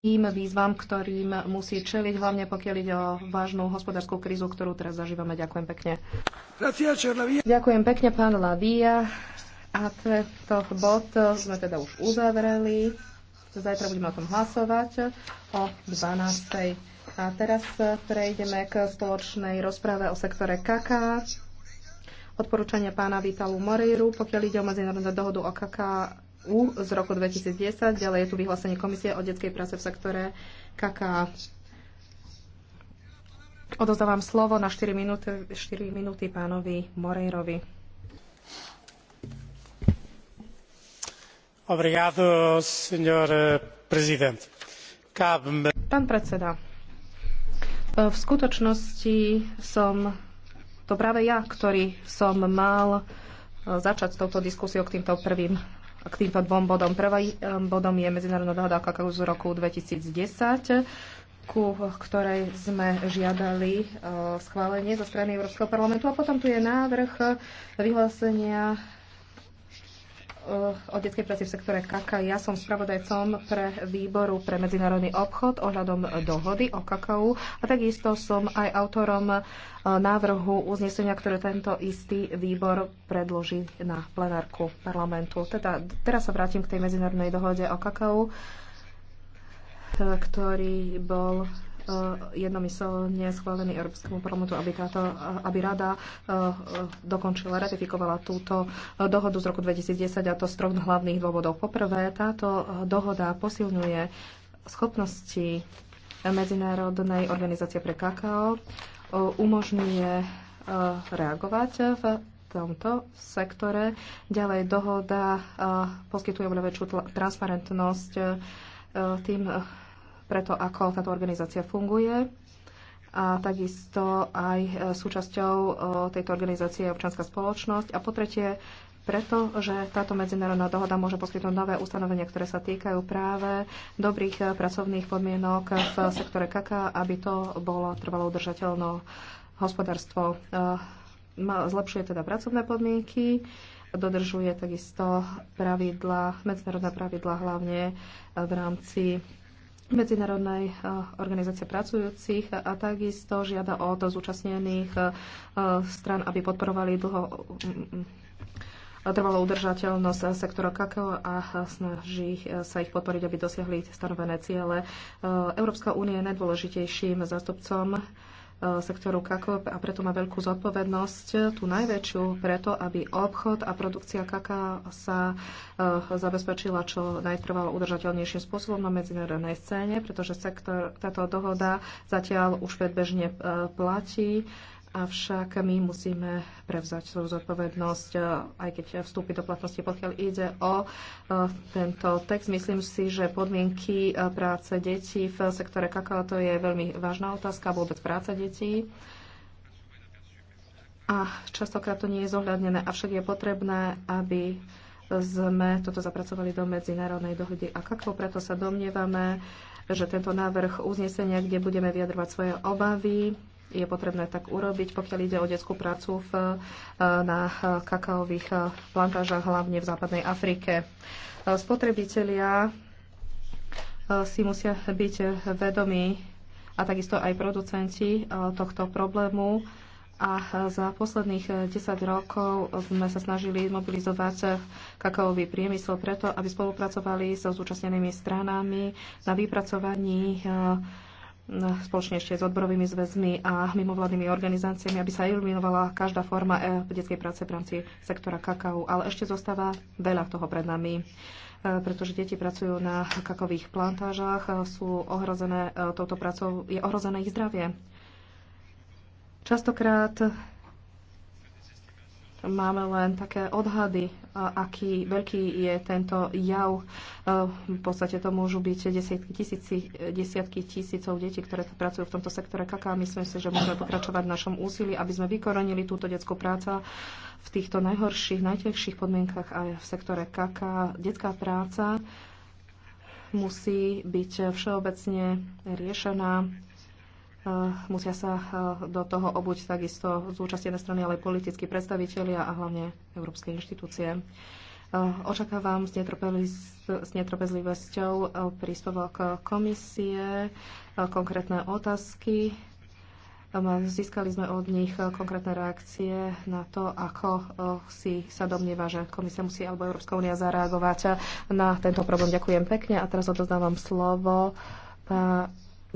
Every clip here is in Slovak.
tým výzvam, ktorým musí čeliť, hlavne pokiaľ ide o vážnu hospodárskú krízu, ktorú teraz zažívame. Ďakujem pekne. Ďakujem pekne, pán Lavia. A tento bod sme teda už uzavreli. Zajtra budeme o tom hlasovať o 12. A teraz prejdeme k spoločnej rozprave o sektore kaká. odporúčanie pána Vitalu Moreiru, pokiaľ ide o medzinárodnú dohodu o Kaka. EÚ z roku 2010. Ďalej je tu vyhlásenie Komisie o detskej práce v sektore KK. Odozdávam slovo na 4 minúty, 4 minúty pánovi Morejrovi. Obrigado, senor eh, prezident. Pán predseda, eh, v skutočnosti som to práve ja, ktorý som mal eh, začať s touto diskusiou k týmto prvým k týmto dvom bodom. Prvým ehm, bodom je medzinárodná dohoda o kakao z roku 2010 ku ktorej sme žiadali ehm, schválenie zo strany Európskeho parlamentu. A potom tu je návrh vyhlásenia Eh, o detskej práci v sektore kakao. Ja som spravodajcom pre výboru pre medzinárodný obchod ohľadom dohody o kakao a takisto som aj autorom eh, návrhu uznesenia, ktoré tento istý výbor predloží na plenárku parlamentu. Teda, teraz sa vrátim k tej medzinárodnej dohode o kakao, eh, ktorý bol E, jednomyselne schválený Európskemu parlamentu, aby, táto, e, aby rada e, dokončila, ratifikovala túto dohodu z roku 2010 a to z troch hlavných dôvodov. Poprvé, táto dohoda posilňuje schopnosti Medzinárodnej organizácie pre kakao, umožňuje reagovať v tomto sektore. Ďalej dohoda poskytuje oveľa väčšiu transparentnosť tým preto, ako táto organizácia funguje a takisto aj e, súčasťou e, tejto organizácie je občanská spoločnosť. A po tretie, preto, že táto medzinárodná dohoda môže poskytnúť nové ustanovenia, ktoré sa týkajú práve dobrých e, pracovných podmienok v sektore kaká, aby to bolo trvalo udržateľné hospodárstvo. Zlepšuje teda pracovné podmienky, dodržuje takisto pravidla, medzinárodné pravidla hlavne v rámci Medzinárodnej eh, organizácie pracujúcich a takisto žiada od zúčastnených eh, stran, aby podporovali dlho mm, mm, trvalú udržateľnosť sektora kakao a snaží eh, sa ich podporiť, aby dosiahli stanovené ciele. Európska únia je najdôležitejším zástupcom sektoru kakao a preto má veľkú zodpovednosť, tú najväčšiu, preto, aby obchod a produkcia kaká sa eh, zabezpečila čo najtrvalo udržateľnejším spôsobom na medzinárodnej scéne, pretože sektor, táto dohoda zatiaľ už predbežne eh, platí Avšak my musíme prevzať svoju zodpovednosť, eh, aj keď vstúpi do platnosti, pokiaľ ide o eh, tento text. Myslím si, že podmienky eh, práce detí v sektore kakao to je veľmi vážna otázka, vôbec práca detí. A častokrát to nie je zohľadnené, avšak je potrebné, aby sme toto zapracovali do medzinárodnej dohody a kakao, preto sa domnievame, že tento návrh uznesenia, kde budeme vyjadrovať svoje obavy, je potrebné tak urobiť, pokiaľ ide o detskú prácu v, e, na e, kakaových e, plantážach, hlavne v západnej Afrike. Spotrebitelia si musia byť vedomí a takisto aj producenti tohto problému. A za posledných 10 rokov sme sa snažili mobilizovať kakaový priemysel preto, aby spolupracovali so zúčastnenými stranami na vypracovaní spoločne ešte s odborovými zväzmi a mimovládnymi organizáciami, aby sa iluminovala každá forma e, detskej práce v rámci sektora kakao. Ale ešte zostáva veľa toho pred nami e, pretože deti pracujú na kakových plantážach, e, sú ohrozené touto pracou, je ohrozené ich zdravie. Častokrát máme len také odhady, aký veľký je tento jav. V podstate to môžu byť desiatky, tisíci, desiatky tisícov detí, ktoré pracujú v tomto sektore kaká. Myslím si, že môžeme pokračovať v našom úsilí, aby sme vykorenili túto detskú prácu v týchto najhorších, najtežších podmienkach aj v sektore kaká. Detská práca musí byť všeobecne riešená Eh, musia sa eh, do toho obuť takisto zúčastnené strany, ale aj politickí predstavitelia a hlavne európske inštitúcie. Eh, očakávam s, s netrpezlivosťou príspevok komisie, konkrétne otázky. Získali sme od nich konkrétne reakcie na to, ako si sa domnieva, že komisia musí alebo Európska únia zareagovať na tento problém. Ďakujem pekne a teraz odozdávam slovo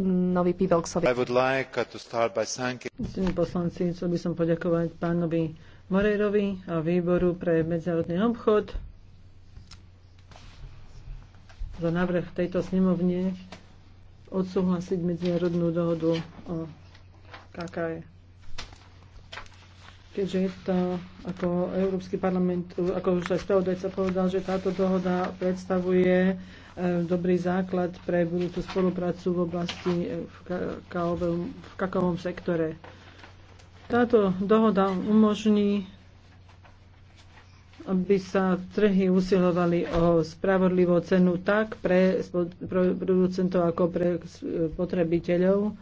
nový Pivelksovi. Like uh, poslanci, chcel by som poďakovať pánovi Morerovi a výboru pre medzinárodný obchod za návrh tejto snemovne odsúhlasiť medzinárodnú dohodu o KKE. Keďže je to, ako Európsky parlament, ako už aj spravodajca povedal, že táto dohoda predstavuje E, dobrý základ pre budúcu spoluprácu v oblasti e, v kakaovom, v kakaovom sektore. Táto dohoda umožní, aby sa trhy usilovali o spravodlivú cenu tak pre producentov ako pre e, potrebiteľov,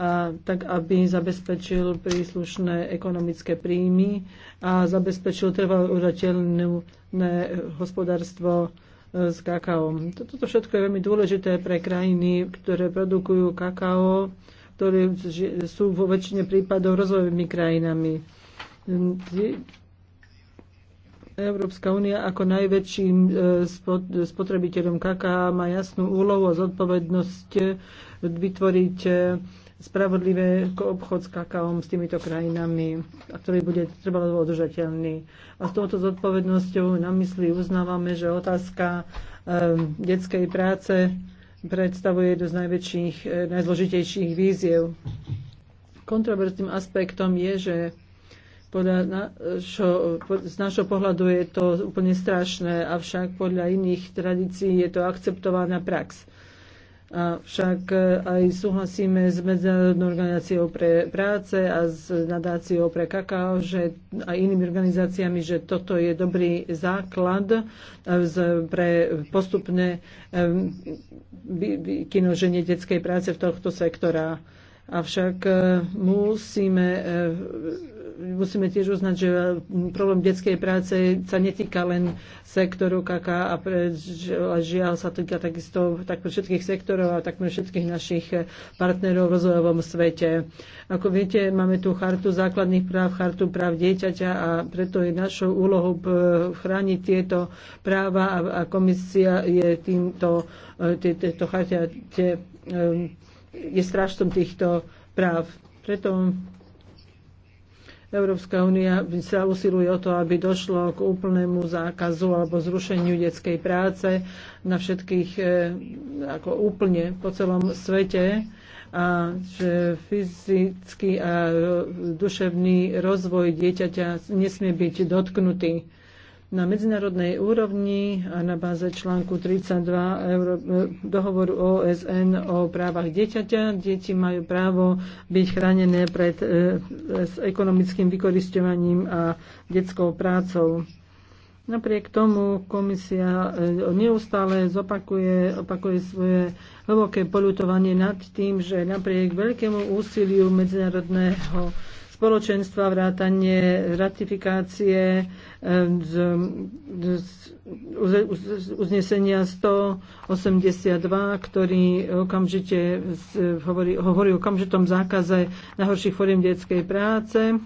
a tak aby zabezpečil príslušné ekonomické príjmy a zabezpečil trvalo udržateľné hospodárstvo s kakaom. Toto všetko je veľmi dôležité pre krajiny, ktoré produkujú kakao, ktoré sú vo väčšine prípadov rozvojovými krajinami. Hm, Európska únia ako najväčším e, spotrebiteľom kaká má jasnú úlohu a zodpovednosť vytvoriť e, spravodlivé obchod s kakaom s týmito krajinami, a ktorý bude trvalo održateľný. A s touto zodpovednosťou na mysli uznávame, že otázka ehm, detskej práce predstavuje jednu z najväčších, e, najzložitejších víziev. Kontroverzným aspektom je, že podľa našo, z našho pohľadu je to úplne strašné, avšak podľa iných tradícií je to akceptovaná prax. Avšak e, aj súhlasíme s Medzinárodnou organizáciou pre práce a s nadáciou pre kakao že, a inými organizáciami, že toto je dobrý základ e, pre postupné e, vykinoženie detskej práce v tohto sektora. Avšak e, musíme, e, musíme tiež uznať, že problém detskej práce sa netýka len sektoru kaká a pre, žiaľ sa týka takisto pre všetkých sektorov a takmer všetkých našich e, partnerov v rozvojovom svete. Ako viete, máme tu chartu základných práv, chartu práv dieťaťa a preto je našou úlohou chrániť tieto práva a, komisia je týmto, tieto charte je strážcom týchto práv. Preto Európska únia sa usiluje o to, aby došlo k úplnému zákazu alebo zrušeniu detskej práce na všetkých, e, ako úplne po celom svete a že fyzický a duševný rozvoj dieťaťa nesmie byť dotknutý. Na medzinárodnej úrovni a na báze článku 32 e, dohovoru OSN o právach dieťaťa, deti majú právo byť chránené pred e, s ekonomickým vykoristovaním a detskou prácou. Napriek tomu komisia e, neustále zopakuje opakuje svoje hlboké polutovanie nad tým, že napriek veľkému úsiliu medzinárodného spoločenstva, vrátanie ratifikácie z, z, z uznesenia 182, ktorý okamžite hovorí, hovorí o okamžitom zákaze najhorších foriem detskej práce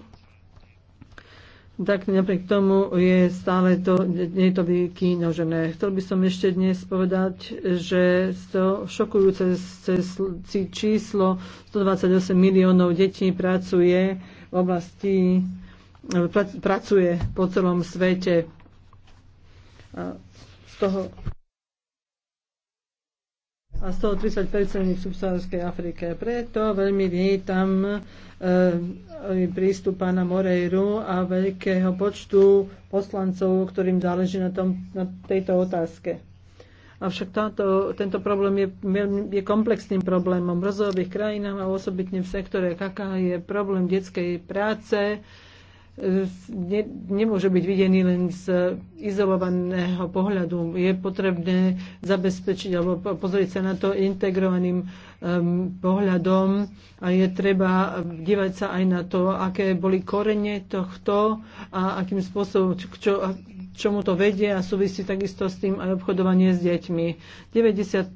tak napriek tomu je stále to, nie je to vykynožené. Chcel by som ešte dnes povedať, že to šokujúce číslo 128 miliónov detí pracuje v oblasti eh, pracuje po celom svete. A z toho a 130% v subsaharskej Afrike. Preto veľmi vítam e, prístup pána Moreiru a veľkého počtu poslancov, ktorým záleží na, tom, na tejto otázke. Avšak táto, tento problém je, je komplexným problémom v rozvojových krajinách a osobitne v sektore kaká je problém detskej práce. Ne, nemôže byť videný len z izolovaného pohľadu. Je potrebné zabezpečiť alebo pozrieť sa na to integrovaným um, pohľadom a je treba dívať sa aj na to, aké boli korene tohto a akým spôsobom, čo, čomu to vedie a súvisí takisto s tým aj obchodovanie s deťmi. 90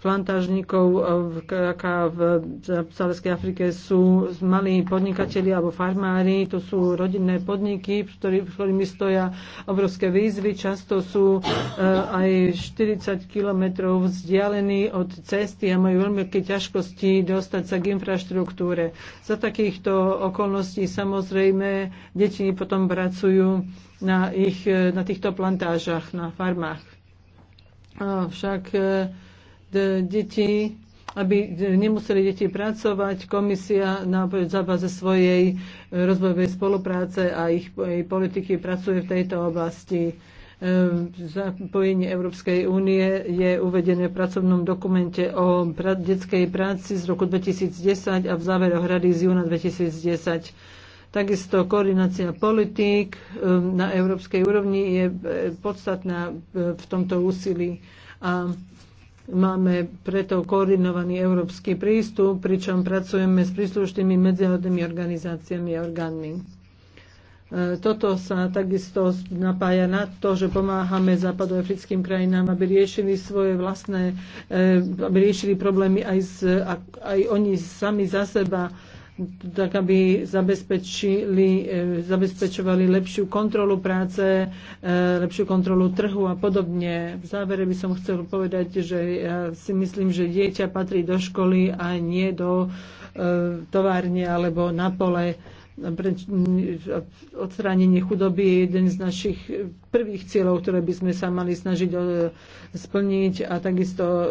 plantážnikov aká eh, v Saleskej Afrike sú malí podnikatelia alebo farmári, to sú rodinné podniky, ktorý, ktorými stoja obrovské výzvy. Často sú eh, aj 40 kilometrov vzdialení od cesty a majú veľmi veľké ťažkosti dostať sa k infraštruktúre. Za takýchto okolností samozrejme deti potom pracujú na, ich, eh, na týchto plantážach, na farmách. Však detí, aby nemuseli deti pracovať. Komisia na zábaze svojej e, rozvojovej spolupráce a ich politiky pracuje v tejto oblasti. E, zapojenie Európskej únie je uvedené v pracovnom dokumente o detskej práci z roku 2010 a v závere hrady z júna 2010. Takisto koordinácia politík e, na európskej úrovni je podstatná v tomto úsilí. A Máme preto koordinovaný európsky prístup, pričom pracujeme s príslušnými medzinárodnými organizáciami a orgánmi. E, toto sa takisto napája na to, že pomáhame západoafrickým krajinám, aby riešili svoje vlastné, e, aby riešili problémy aj, z, aj oni sami za seba tak aby zabezpečili, e, zabezpečovali lepšiu kontrolu práce, e, lepšiu kontrolu trhu a podobne. V závere by som chcel povedať, že ja si myslím, že dieťa patrí do školy a nie do e, továrne alebo na pole Mm, odstránenie chudoby je jeden z našich prvých cieľov, ktoré by sme sa mali snažiť e, splniť a takisto e,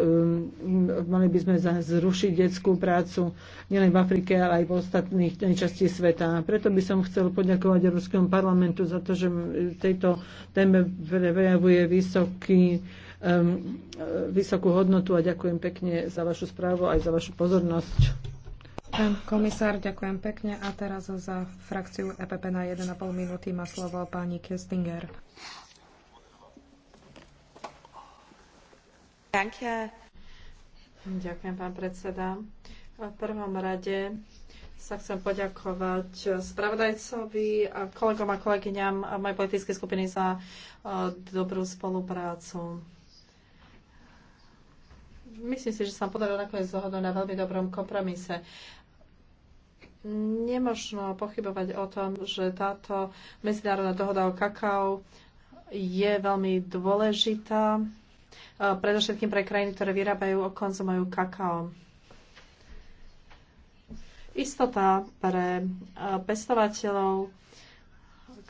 mali by sme zrušiť detskú prácu nielen v Afrike, ale aj v ostatných časti sveta. Preto by som chcel poďakovať Európskemu parlamentu za to, že v tejto téme prejavuje vysoký e, vysokú hodnotu a ďakujem pekne za vašu správu aj za vašu pozornosť. Pán komisár, ďakujem pekne. A teraz za frakciu EPP na 1,5 minúty má slovo pani Kestinger. Ďakujem. pán predseda. V prvom rade sa chcem poďakovať spravodajcovi a kolegom a kolegyňam mojej politickej skupiny za e, dobrú spoluprácu. Myslím si, že sa podarilo nakoniec dohodnúť na veľmi dobrom kompromise nemožno pochybovať o tom, že táto medzinárodná dohoda o kakao je veľmi dôležitá, e, predovšetkým pre krajiny, ktoré vyrábajú a konzumujú kakao. Istota pre e, pestovateľov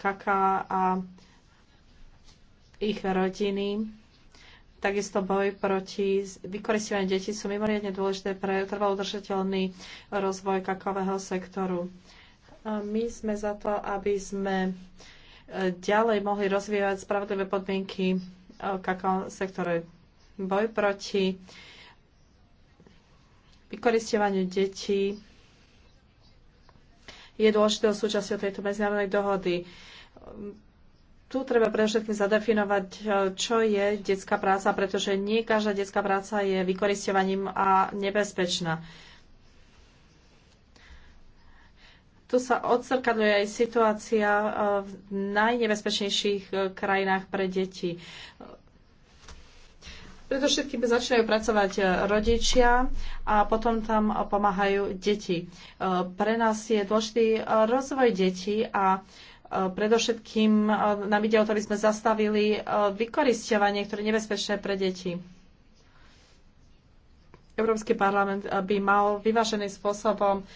kaká a ich rodiny Takisto boj proti vykoristovaniu detí sú mimoriadne dôležité pre trvalo udržateľný rozvoj kakového sektoru. A my sme za to, aby sme e, ďalej mohli rozvíjať spravodlivé podmienky e, kakao sektore. Boj proti vykoristovaniu detí je dôležitou súčasťou tejto medzinárodnej dohody tu treba pre všetkým zadefinovať, e, čo je detská práca, pretože nie každá detská práca je vykoristovaním a nebezpečná. Tu sa odzrkadľuje aj situácia e, v najnebezpečnejších e, krajinách pre deti. Preto všetkým začínajú pracovať rodičia a potom tam pomáhajú deti. Pre nás je dôležitý rozvoj detí a Predovšetkým e, na ktorý sme zastavili e, vykoristovanie, ktoré je nebezpečné pre deti. Európsky parlament e, by mal vyváženým spôsobom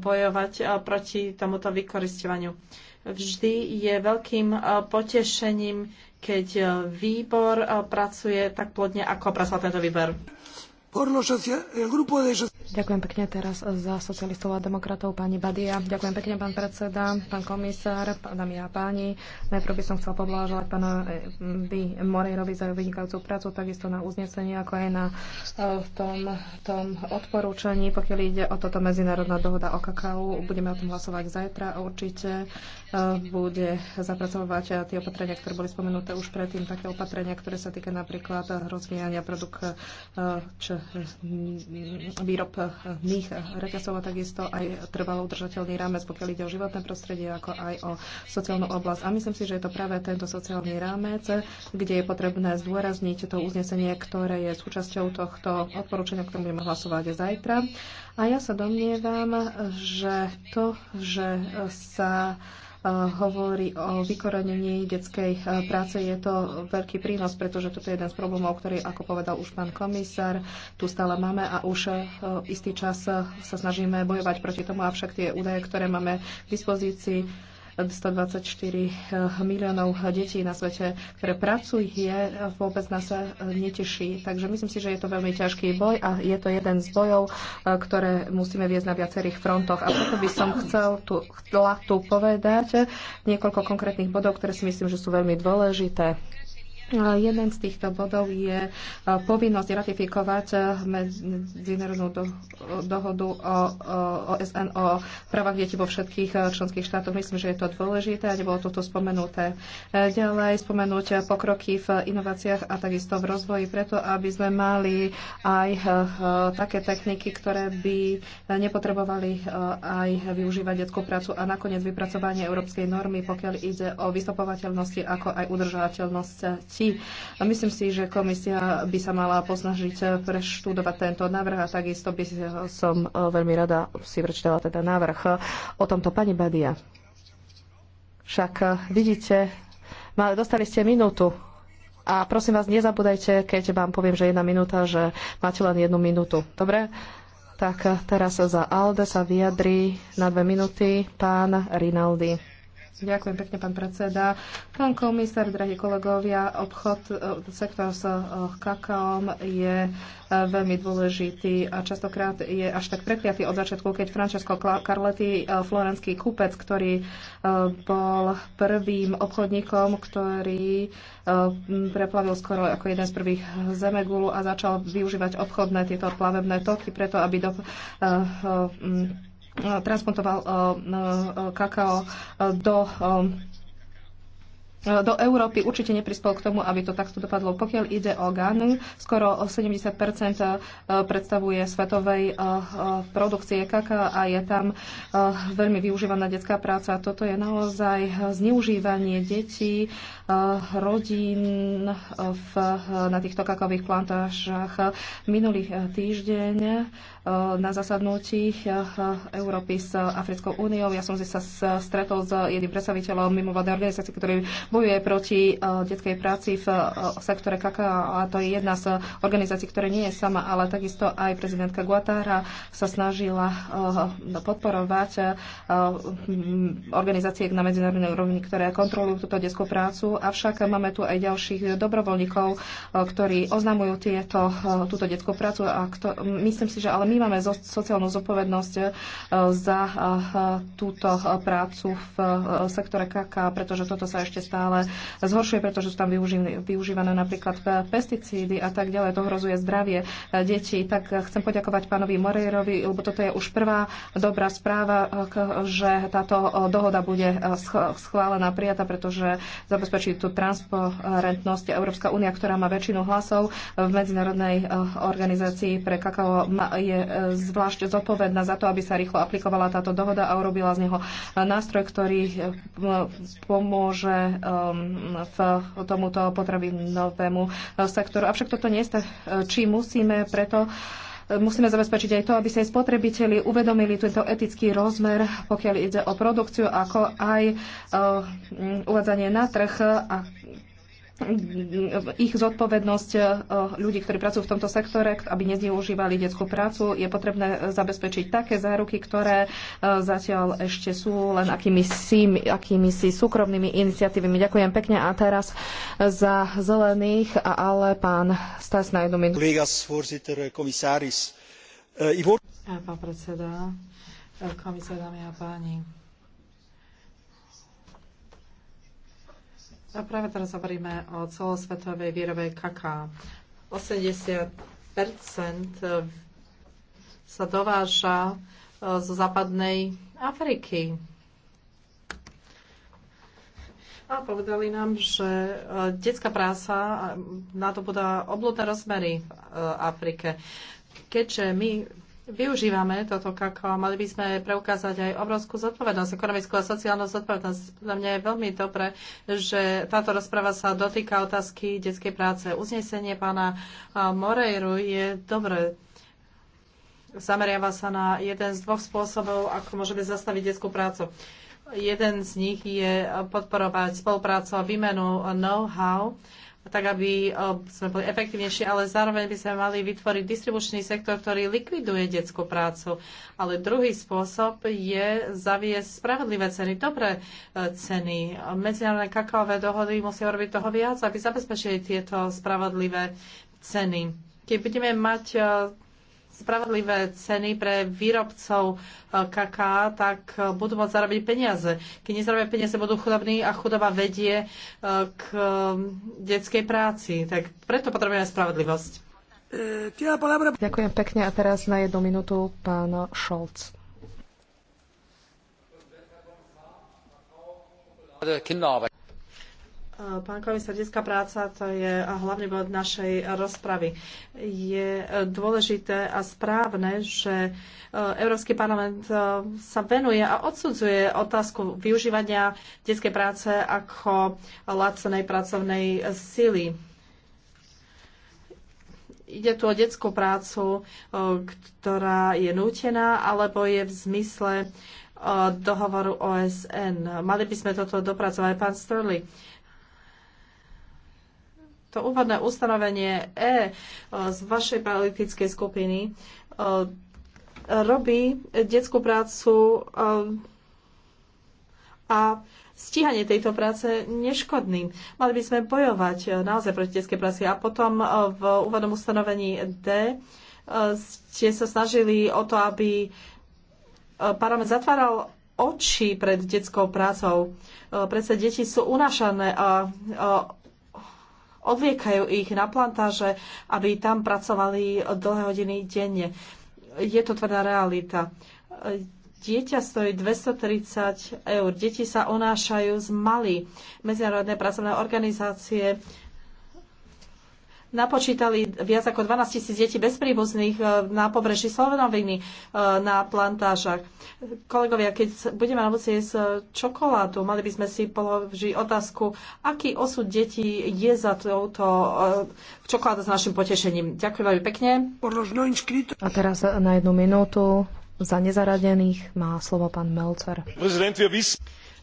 bojovať proti tomuto vykoristovaniu. Vždy je veľkým potešením, keď výbor pracuje tak plodne, ako pracoval tento výbor. Ďakujem pekne teraz za socialistov a demokratov pani Badia. Ďakujem pekne pán predseda, pán komisár, dámy a páni. Najprv by som chcel poblážovať pána B. Eh, Morejrovi za vynikajúcu prácu, takisto na uznesení, ako aj na eh, v tom, tom odporúčaní. Pokiaľ ide o toto medzinárodná dohoda o kakao, budeme o tom hlasovať zajtra a určite eh, bude zapracovať tie opatrenia, ktoré boli spomenuté už predtým, také opatrenia, ktoré sa týka napríklad rozvíjania produkt č výrob mých reťazov a takisto aj trvalo udržateľný rámec, pokiaľ ide o životné prostredie, ako aj o sociálnu oblasť. A myslím si, že je to práve tento sociálny rámec, kde je potrebné zdôrazniť to uznesenie, ktoré je súčasťou tohto odporúčania, ktorým budeme hlasovať zajtra. A ja sa domnievam, že to, že sa Eh, hovorí o vykorenení detskej eh, práce. Je to veľký prínos, pretože toto je jeden z problémov, ktorý, ako povedal už pán komisár, tu stále máme a už eh, istý čas sa snažíme bojovať proti tomu, avšak tie údaje, ktoré máme k dispozícii, 124 eh, miliónov detí na svete, ktoré pracujú, je eh, vôbec nás eh, neteší. Takže myslím si, že je to veľmi ťažký boj a je to jeden z bojov, ktoré musíme viesť na viacerých frontoch. A preto by som chcel tu, chcela tu povedať niekoľko konkrétnych bodov, ktoré si myslím, že sú veľmi dôležité. Jeden z týchto bodov je e, povinnosť ratifikovať e, medzinárodnú dohodu o OSN o, o právach detí vo všetkých e, členských štátoch. Myslím, že je to dôležité a nebolo toto spomenuté. Ďalej spomenúť pokroky v inováciách a takisto v rozvoji, preto aby sme mali aj také techniky, ktoré by nepotrebovali aj využívať detskú prácu a nakoniec vypracovanie európskej normy, pokiaľ ide o vystupovateľnosti ako aj udržateľnosť oblasti. Myslím si, že komisia by sa mala posnažiť eh, preštudovať tento návrh a takisto by eh, som eh, veľmi rada si prečítala teda návrh o tomto pani Badia. Však vidíte, dostali ste minútu. A prosím vás, nezabúdajte, keď vám poviem, že jedna minúta, že máte len jednu minútu. Dobre? Tak teraz za Alde sa vyjadrí na dve minúty pán Rinaldi. Ďakujem pekne, pán predseda. Pán komisár, drahí kolegovia, obchod, e, sektor s e, kakaom je e, veľmi dôležitý a častokrát je až tak prekliatý od začiatku, keď Francesco Carletti, florenský kúpec, ktorý bol prvým obchodníkom, ktorý preplavil skoro ako jeden z prvých zemegulu a začal využívať obchodné tieto plavebné toky preto, aby do, Eh, transportoval eh, eh, kakao do do Európy určite neprispel k tomu, aby to takto dopadlo. Pokiaľ ide o Ghanu, skoro 70 predstavuje svetovej produkcie kaka a je tam veľmi využívaná detská práca. Toto je naozaj zneužívanie detí rodín v, na týchto kakových plantážach. Minulý týždeň eh, na zasadnutí eh, Európy s Africkou úniou. Ja som si sa stretol s jedným predstaviteľom mimovládnej organizácie, ktorý bojuje proti eh, detskej práci v sektore kaká a to je jedna z organizácií, ktorá nie je sama, ale takisto aj prezidentka Guatára sa snažila podporovať organizácie na medzinárodnej úrovni, ktoré kontrolujú túto detskú prácu avšak máme tu aj ďalších dobrovoľníkov, eh, ktorí oznamujú tieto, eh, túto detskú prácu. A kto, myslím si, že ale my máme zo, sociálnu zodpovednosť eh, za túto prácu v sektore KK, pretože toto sa ešte stále zhoršuje, pretože sú tam využívané napríklad pesticídy a tak ďalej. To hrozuje zdravie detí. Tak chcem poďakovať pánovi Morejerovi, lebo toto je už prvá dobrá správa, že táto dohoda bude schválená, prijatá, pretože zabezpečí tú transparentnosť. Európska únia, ktorá má väčšinu hlasov v Medzinárodnej eh, organizácii pre kakao, je eh, zvlášť zodpovedná za to, aby sa rýchlo aplikovala táto dohoda a urobila z neho eh, nástroj, ktorý pomôže v tomuto potravinovému sektoru. Avšak toto nie je, či musíme preto musíme zabezpečiť aj to, aby sa aj spotrebiteľi uvedomili tento etický rozmer, pokiaľ ide o produkciu, ako aj eh, uvádzanie na trh a ich zodpovednosť eh, ľudí, ktorí pracujú v tomto sektore, aby nezneužívali detskú prácu, je potrebné zabezpečiť také záruky, ktoré eh, zatiaľ ešte sú len akými si, akými si súkromnými iniciatívami. Ďakujem pekne a teraz za zelených, ale pán Stas na jednu minútu. Eh, pán predseda, komisár, dámy a páni, A práve teraz hovoríme o celosvetovej výrobe kaká. 80 sa dováža e, zo západnej Afriky. A povedali nám, že e, detská práca e, na to bude obludné rozmery v Afrike. Keďže my využívame toto kakao, mali by sme preukázať aj obrovskú zodpovednosť, ekonomickú a sociálnu zodpovednosť. Za mňa je veľmi dobré, že táto rozpráva sa dotýka otázky detskej práce. Uznesenie pána Moreiru je dobré. Zameriava sa na jeden z dvoch spôsobov, ako môžeme zastaviť detskú prácu. Jeden z nich je podporovať spoluprácu a výmenu know-how tak aby eh, sme boli efektívnejší, ale zároveň by sme mali vytvoriť distribučný sektor, ktorý likviduje detskú prácu. Ale druhý spôsob je zaviesť spravodlivé ceny, dobré eh, ceny. Medzinárodné kakaové dohody musia robiť toho viac, aby zabezpečili tieto spravodlivé ceny. Keď budeme mať eh, spravodlivé ceny pre výrobcov e, kaká, tak e, budú môcť zarobiť peniaze. Keď nezarobia peniaze, budú chudobní a chudoba vedie e, k detskej práci. Tak preto potrebujeme spravodlivosť. Ďakujem pekne a teraz na jednu minútu pán Šolc. Pán komisár, detská práca to je hlavný bod našej rozpravy. Je dôležité a správne, že e, Európsky parlament e, sa venuje a odsudzuje otázku využívania detskej práce ako lacnej pracovnej sily. Ide tu o detskú prácu, e, ktorá je nútená alebo je v zmysle dohovoru OSN. Mali by sme toto dopracovať. Pán Sterling, to úvodné ustanovenie e, e z vašej politickej skupiny e, robí detskú prácu e, a stíhanie tejto práce neškodným. Mali by sme bojovať naozaj proti detskej práci. A potom v úvodnom ustanovení D ste sa snažili o to, aby parlament zatváral oči pred detskou prácou. Predsa deti sú unašané a odviekajú ich na plantáže, aby tam pracovali dlhé hodiny denne. Je to tvrdá realita. Dieťa stojí 230 eur. Deti sa onášajú z malí Medzinárodné pracovné organizácie napočítali viac ako 12 tisíc detí bezpríbuzných eh, na pobreží Slovenoviny eh, na plantážach. Kolegovia, keď budeme na budúce jesť čokoládu, mali by sme si položiť otázku, aký osud detí je za touto eh, čokoládu s našim potešením. Ďakujem veľmi pekne. A teraz na jednu minútu za nezaradených má slovo pán Melcer.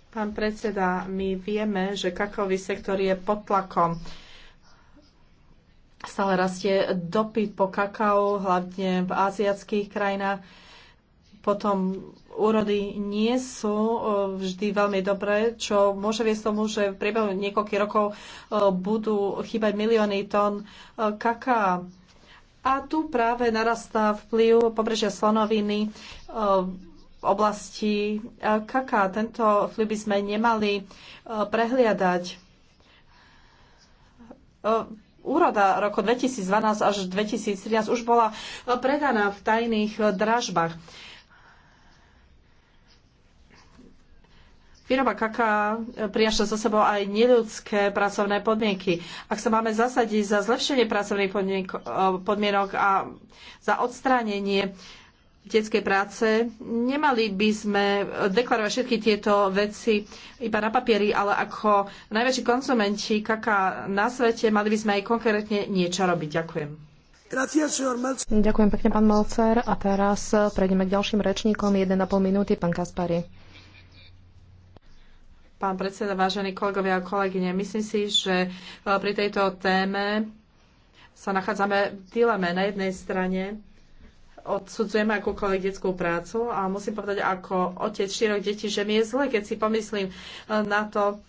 Pán predseda, my vieme, že kakový sektor je pod tlakom Stále rastie dopyt po kakao, hlavne v aziatských krajinách. Potom úrody nie sú e, vždy veľmi dobré, čo môže viesť tomu, že v priebehu niekoľkých rokov e, budú chýbať milióny tón e, kaká. A tu práve narastá vplyv pobrežia Slonoviny v oblasti kaká. Tento vplyv by sme nemali prehliadať úroda roku 2012 až 2013 už bola predaná v tajných dražbách. Výroba kaká priaša so sebou aj neľudské pracovné podmienky. Ak sa máme zasadiť za zlepšenie pracovných eh, podmienok a za odstránenie detskej práce. Nemali by sme deklarovať všetky tieto veci iba na papieri, ale ako najväčší konzumenti kaká na svete, mali by sme aj konkrétne niečo robiť. Ďakujem. Ďakujem pekne, pán Malcer. A teraz prejdeme k ďalším rečníkom. 1,5 minúty, pán Kaspari. Pán predseda, vážení kolegovia a kolegyne, myslím si, že e, pri tejto téme sa nachádzame v dileme. Na jednej strane odsudzujem akúkoľvek detskú prácu a musím povedať ako otec štyroch detí, že mi je zle, keď si pomyslím eh, na to,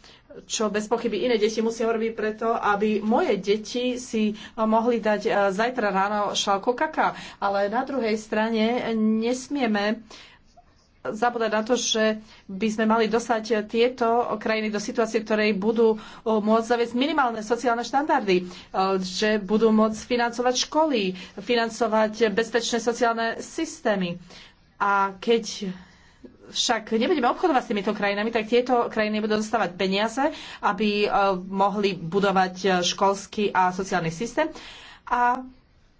čo bez pochyby iné deti musia robiť preto, aby moje deti si eh, mohli dať eh, zajtra ráno šalko kaka. Ale na druhej strane nesmieme zabúdať na to, že by sme mali dostať tieto krajiny do situácie, ktorej budú môcť zaviesť minimálne sociálne štandardy, že budú môcť financovať školy, financovať bezpečné sociálne systémy. A keď však nebudeme obchodovať s týmito krajinami, tak tieto krajiny budú dostávať peniaze, aby mohli budovať školský a sociálny systém. A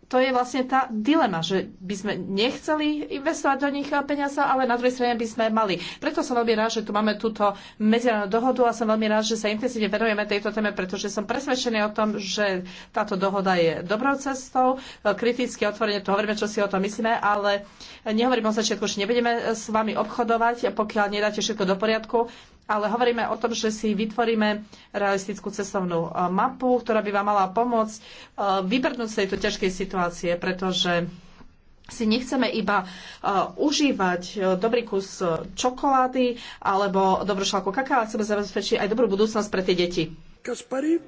to je vlastne tá dilema, že by sme nechceli investovať do nich peniaza, ale na druhej strane by sme mali. Preto som veľmi rád, že tu máme túto medzinárodnú dohodu a som veľmi rád, že sa intenzívne venujeme tejto téme, pretože som presvedčený o tom, že táto dohoda je dobrou cestou. Kriticky otvorene tu hovoríme, čo si o tom myslíme, ale nehovorím o začiatku, že nebudeme s vami obchodovať, pokiaľ nedáte všetko do poriadku ale hovoríme o tom, že si vytvoríme realistickú cestovnú e, mapu, ktorá by vám mala pomôcť e, vybrnúť z tejto ťažkej situácie, pretože si nechceme iba uh, užívať dobrý kus čokolády alebo dobrú šálku kaká, ale chceme zabezpečiť aj dobrú budúcnosť pre tie deti. Kaspari,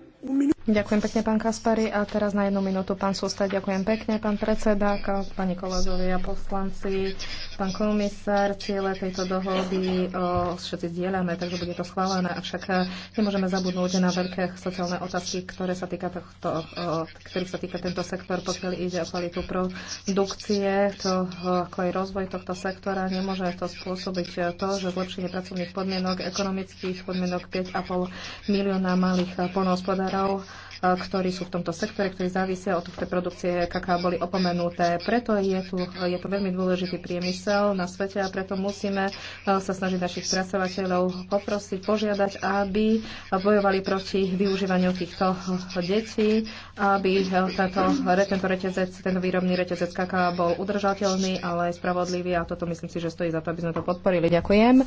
Ďakujem pekne, pán Kaspari. A teraz na jednu minútu, pán Sústa. Ďakujem pekne, pán predseda, pani kolegovia, poslanci, pán komisár. Ciele tejto dohody o, všetci zdieľame, takže bude to schválené. Avšak e, nemôžeme zabudnúť na veľké sociálne otázky, ktoré sa týka tohto, o, ktorých sa týka tento sektor, pokiaľ ide o kvalitu produkcie, to, ako aj rozvoj tohto sektora. Nemôže to spôsobiť e, to, že zlepšenie pracovných podmienok, ekonomických podmienok 5,5 milióna malých e, polnohospodárov E, ktorí sú v tomto sektore, ktorí závisia od tohto produkcie kaká, boli opomenuté. Preto je tu, je to veľmi dôležitý priemysel na svete a preto musíme e, sa snažiť našich pracovateľov poprosiť, požiadať, aby bojovali proti využívaniu týchto e, detí, aby tento, tento reťazec, tento výrobný reťazec kaká bol udržateľný, ale aj spravodlivý a toto myslím si, že stojí za to, aby sme to podporili. Ďakujem.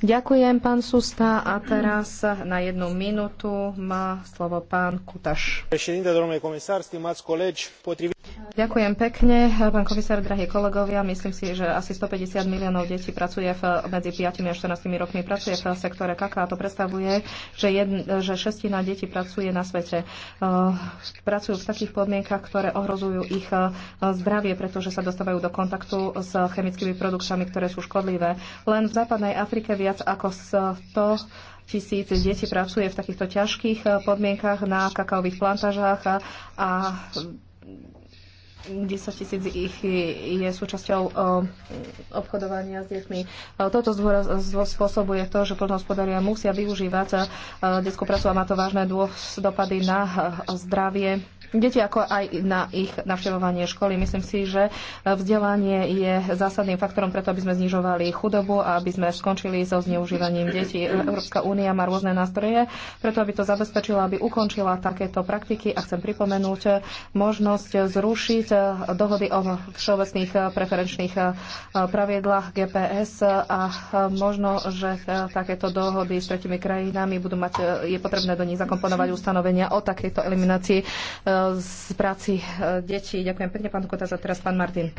Ďakujem, pán Susta. A teraz na jednu minútu má slovo pán Kuta uras! Ďakujem pekne, pán komisár, drahí kolegovia. Myslím si, že asi 150 miliónov detí pracuje v, medzi 5 a 14 rokmi pracuje v sektore kaká. To predstavuje, že, jedn, že šestina detí pracuje na svete. Eh, pracujú v takých podmienkach, ktoré ohrozujú ich eh, zdravie, pretože sa dostávajú do kontaktu s chemickými produktami, ktoré sú škodlivé. Len v západnej Afrike viac ako 100 tisíc detí pracuje v takýchto ťažkých eh, podmienkach na kakaových plantážach a 10 tisíc ich je súčasťou e, obchodovania s deťmi. E, toto spôsobuje to, že plnohospodária musia využívať e, detskú prácu a má to vážne dopady na zdravie deti, ako aj na ich navštevovanie školy. Myslím si, že vzdelanie je zásadným faktorom preto, aby sme znižovali chudobu a aby sme skončili so zneužívaním detí. Európska únia má rôzne nástroje, preto aby to zabezpečila, aby ukončila takéto praktiky a chcem pripomenúť možnosť zrušiť dohody o všeobecných preferenčných pravidlách GPS a možno, že takéto dohody s tretimi krajinami budú mať, je potrebné do nich zakomponovať ustanovenia o takejto eliminácii z práci e, detí. Ďakujem pekne, pán Kotáš, a teraz pán Martin.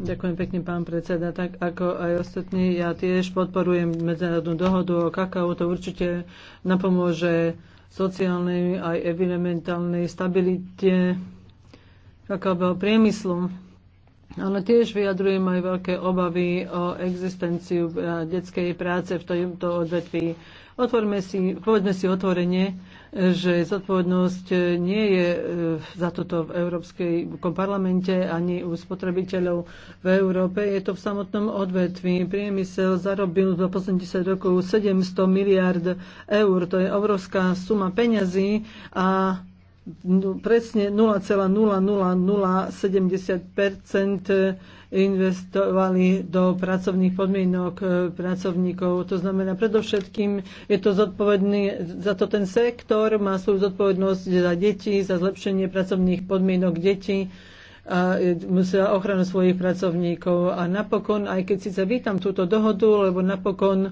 Ďakujem pekne, pán predseda. Tak ako aj ostatní, ja tiež podporujem medzinárodnú dohodu o kakao. To určite napomôže sociálnej aj environmentálnej stabilite kakaového priemyslu ale tiež vyjadrujem aj veľké obavy o existenciu e, detskej práce v tomto odvetví. Otvorme si, povedzme si otvorenie, e, že zodpovednosť e, nie je za toto v Európskej parlamente ani u spotrebiteľov v Európe. Je to v samotnom odvetví. Priemysel zarobil za posledných 10 rokov 700 miliard eur. To je obrovská suma peňazí a presne 0,00070 investovali do pracovných podmienok e, pracovníkov. To znamená, predovšetkým je to zodpovedný, za to ten sektor má svoju zodpovednosť za deti, za zlepšenie pracovných podmienok detí a musia ochranu svojich pracovníkov. A napokon, aj keď síce vítam túto dohodu, lebo napokon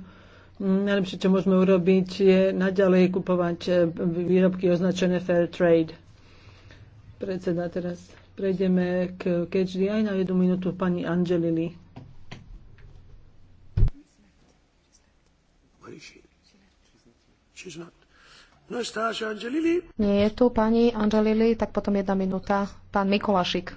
Najlepšie, čo môžeme urobiť, je naďalej kupovať e, výrobky označené fair trade. Predseda teraz. Prejdeme k KHDI na jednu minútu pani no, Angelili. Nie je tu pani Angelili, tak potom jedna minúta. Pán Mikolašik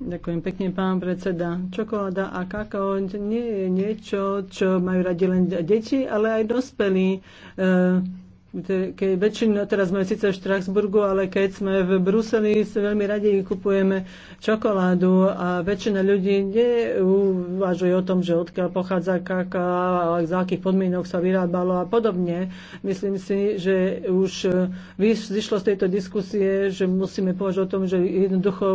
Ďakujem pekne, pán predseda. Čokoláda a kakao nie je niečo, čo majú radi len deti, ale aj dospelí. E keď väčšina, teraz sme síce v Štrasburgu, ale keď sme v Bruseli, veľmi radi kupujeme čokoládu a väčšina ľudí neuvažuje o tom, že odkiaľ pochádza kaká, za akých podmienok sa vyrábalo a podobne. Myslím si, že už e, vyšlo z tejto diskusie, že musíme povedať o tom, že jednoducho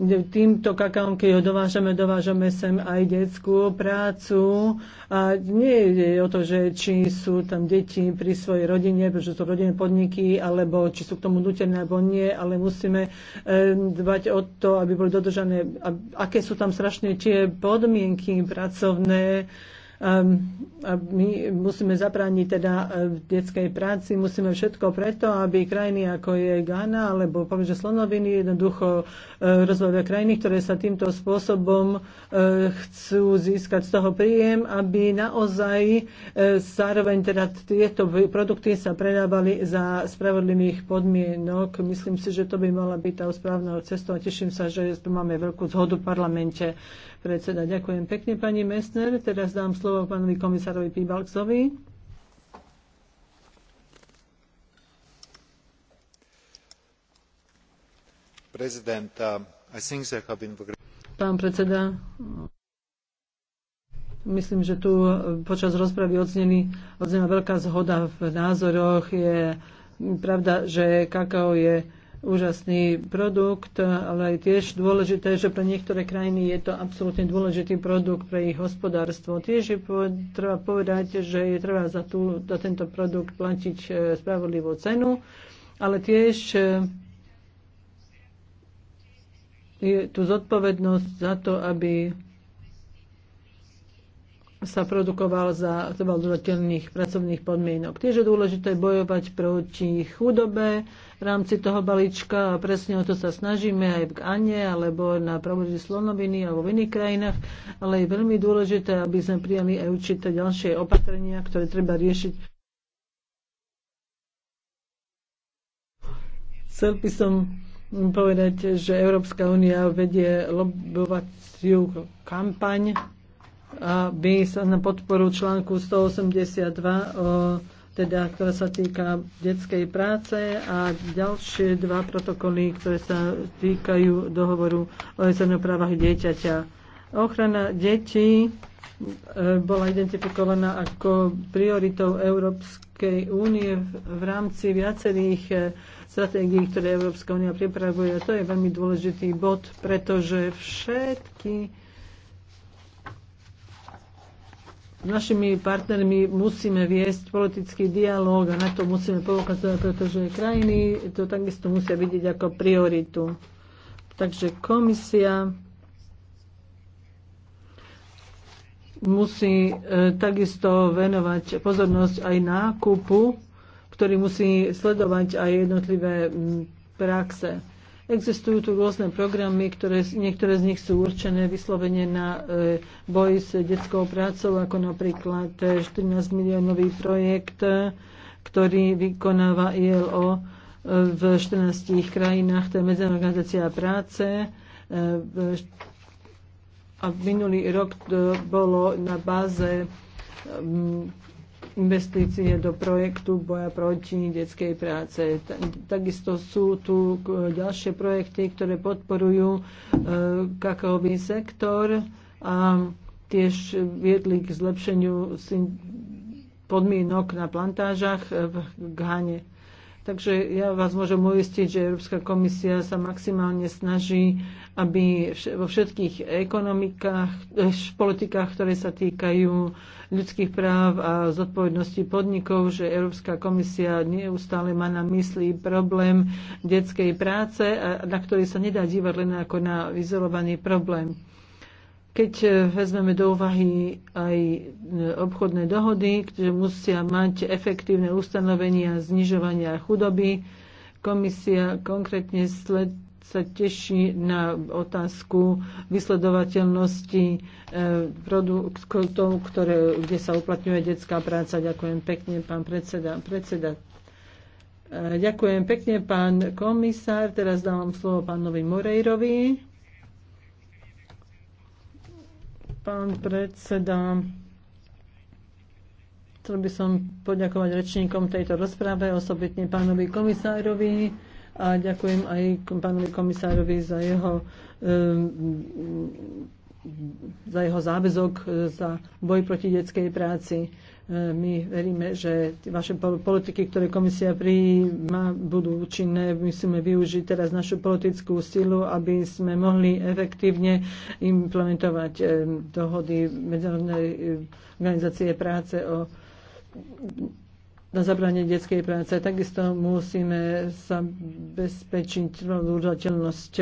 e, týmto kakám, keď ho dovážame, dovážame sem aj detskú prácu a nie je o to, že či sú tam deti pri svojej rodine, rodine, pretože sú rodinné podniky, alebo či sú k tomu nutené, alebo nie, ale musíme e, dbať o to, aby boli dodržané, aké sú tam strašne tie podmienky pracovné, Ehm, a my musíme zabrániť teda v ehm, detskej práci, musíme všetko preto, aby krajiny ako je Ghana alebo že Slonoviny, jednoducho ehm, rozvojové krajiny, ktoré sa týmto spôsobom chcú získať z toho príjem, aby naozaj zároveň teda tieto produkty sa predávali za spravodlivých podmienok. Myslím si, že to by mala byť tá správna cesta a teším sa, že tu máme veľkú zhodu v parlamente predseda. Ďakujem pekne, pani Messner. Teraz dám slovo pánovi komisárovi Pibalcovi. Uh, I think there have been... Pán predseda, myslím, že tu počas rozpravy odzneli, odznela veľká zhoda v názoroch. Je pravda, že kakao je úžasný produkt, ale je tiež dôležité, že pre niektoré krajiny je to absolútne dôležitý produkt pre ich hospodárstvo. Tiež je po, treba povedať, že je treba za, tú, za tento produkt platiť e, spravodlivú cenu, ale tiež e, je tu zodpovednosť za to, aby sa produkoval za trvalodržateľných pracovných podmienok. Tiež je dôležité bojovať proti chudobe v rámci toho balíčka a presne o to sa snažíme aj v Ane alebo na pravode slonoviny alebo v iných krajinách, ale je veľmi dôležité, aby sme prijali aj určité ďalšie opatrenia, ktoré treba riešiť. Chcel by som povedať, že Európska únia vedie lobovaciu kampaň aby sa na podporu článku 182 teda, ktorá sa týka detskej práce a ďalšie dva protokoly, ktoré sa týkajú dohovoru o o právach dieťaťa. Ochrana detí e, bola identifikovaná ako prioritou Európskej únie v rámci viacerých e, stratégií, ktoré Európska únia pripravuje. A to je veľmi dôležitý bod, pretože všetky našimi partnermi musíme viesť politický dialog a na to musíme poukazovať, pretože krajiny to takisto musia vidieť ako prioritu. Takže komisia musí e, takisto venovať pozornosť aj nákupu, ktorý musí sledovať aj jednotlivé praxe Existujú tu rôzne programy, ktoré, niektoré z nich sú určené vyslovene na e, boj s detskou prácou, ako napríklad 14 e, miliónový projekt, ktorý vykonáva ILO e, v 14 krajinách, to je Medzinárodná organizácia práce. A minulý rok bolo na báze investície do projektu boja proti detskej práce. Takisto sú tu ďalšie projekty, ktoré podporujú e, kakaový sektor a tiež viedli k zlepšeniu podmienok na plantážach v Ghane. Takže ja vás môžem uistiť, že Európska komisia sa maximálne snaží, aby vo všetkých ekonomikách, eh, politikách, ktoré sa týkajú ľudských práv a zodpovednosti podnikov, že Európska komisia neustále má na mysli problém detskej práce, na ktorý sa nedá dívať len ako na izolovaný problém. Keď e, vezmeme do úvahy aj e, obchodné dohody, ktoré musia mať efektívne ustanovenia znižovania chudoby, komisia konkrétne sled, sa teší na otázku vysledovateľnosti e, produktov, ktoré, kde sa uplatňuje detská práca. Ďakujem pekne, pán predseda. predseda. Ďakujem pekne, pán komisár. Teraz dávam slovo pánovi Morejrovi. Pán predseda, chcel by som poďakovať rečníkom tejto rozprave, osobitne pánovi komisárovi a ďakujem aj pánovi komisárovi za jeho ehm, za jeho záväzok e, za boj proti detskej práci. E, my veríme, že tie vaše politiky, ktoré komisia príjma budú účinné. Musíme využiť teraz našu politickú silu, aby sme mohli efektívne implementovať e, dohody Medzinárodnej e, organizácie práce o na zabranie detskej práce. Takisto musíme zabezpečiť udržateľnosť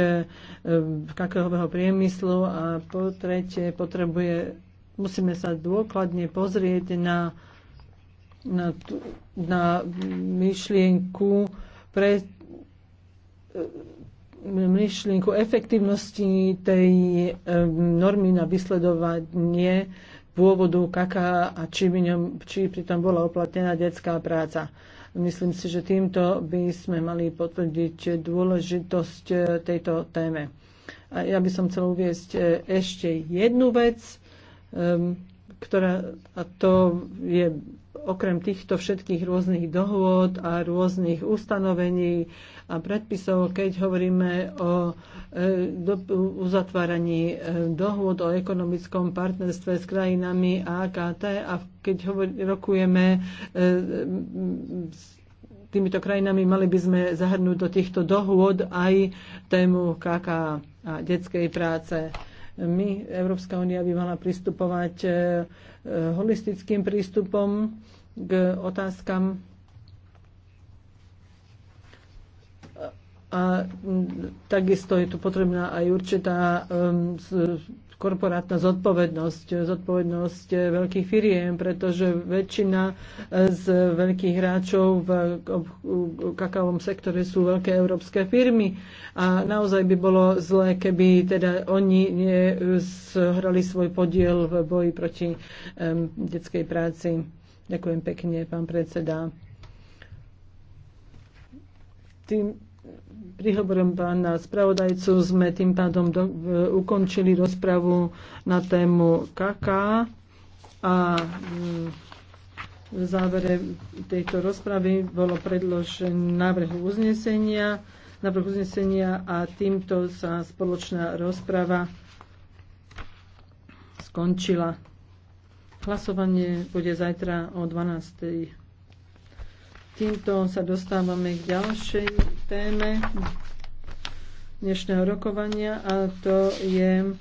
kakaového priemyslu a po tretie potrebuje musíme sa dôkladne pozrieť na, na, na myšlienku pre e, myšlienku efektívnosti tej e, normy na vysledovanie pôvodu kaká a či, ňom, či pritom bola oplatená detská práca. Myslím si, že týmto by sme mali potvrdiť dôležitosť e, tejto téme. A ja by som chcel uviezť ešte jednu vec ktorá, a to je okrem týchto všetkých rôznych dohôd a rôznych ustanovení a predpisov, keď hovoríme o e, uzatváraní e, dohôd o ekonomickom partnerstve s krajinami AKT a keď hovor, rokujeme e, s týmito krajinami, mali by sme zahrnúť do týchto dohôd aj tému KK a detskej práce my, Európska únia, by mala pristupovať e, e, holistickým prístupom k otázkam a takisto je tu potrebná aj určitá e, korporátna zodpovednosť, zodpovednosť eh, veľkých firiem, pretože väčšina eh, z veľkých hráčov v kakaovom sektore sú veľké európske firmy a naozaj by bolo zlé, keby teda oni eh, zhrali svoj podiel v boji proti um, detskej práci. Ďakujem pekne, pán predseda. Tým príhovorom pána spravodajcu sme tým pádom do, ukončili rozpravu na tému KK a v závere tejto rozpravy bolo predložený návrh uznesenia, návrh uznesenia a týmto sa spoločná rozprava skončila. Hlasovanie bude zajtra o 12. Týmto sa dostávame k ďalšej téme dnešného rokovania a to je